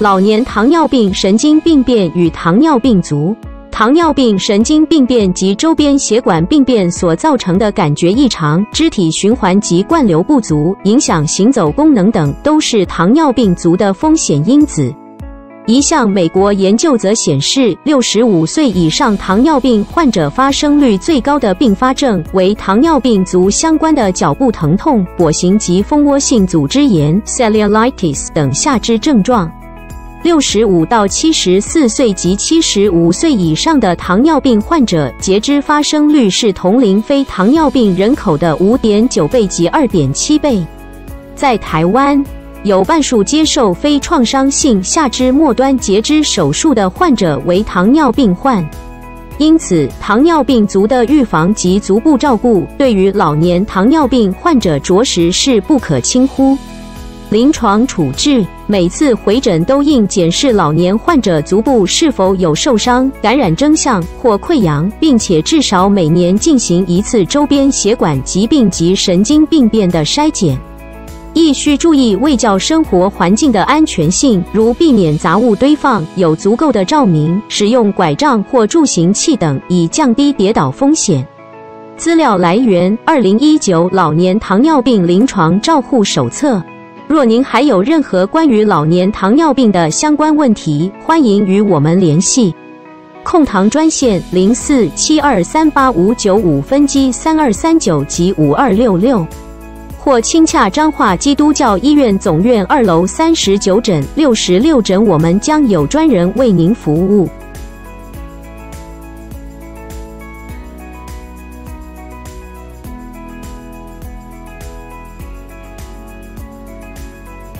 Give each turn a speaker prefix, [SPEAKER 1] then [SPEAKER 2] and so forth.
[SPEAKER 1] 老年糖尿病神經病變與糖尿病足，糖尿病神經病變及周邊血管病變所造成的感覺異常、肢體循環及灌流不足，影響行走功能等，都是糖尿病足的風險因子。一項美國研究則顯示，六十五歲以上糖尿病患者發生率最高的併發症為糖尿病足相關的腳部疼痛、跛行及蜂窩性組織炎 （cellulitis） 等下肢症狀。六十五到七十四歲及七十五歲以上的糖尿病患者，截肢發生率是同齡非糖尿病人口的五點九倍及二點七倍。在台灣，有半數接受非創傷性下肢末端截肢手術的患者為糖尿病患。因此，糖尿病足的預防及足部照顧，對於老年糖尿病患者着實是不可輕忽。臨床處置，每次回診都應檢視老年患者足部是否有受傷、感染徵象或潰瘍，並且至少每年進行一次周邊血管疾病及神經病變的篩檢。亦需注意衛教生活環境的安全性，如避免雜物堆放、有足夠的照明、使用拐杖或助行器等，以降低跌倒風險。資料來源：二零一九老年糖尿病臨床照護手冊。若您還有任何關於老年糖尿病的相關問題，歡迎與我們聯繫。控糖專線零四七二三八五九五分機三二三九及五二六六，或親洽彰化基督教醫院總院二樓三十九診、六十六診，診我們將有專人為您服務。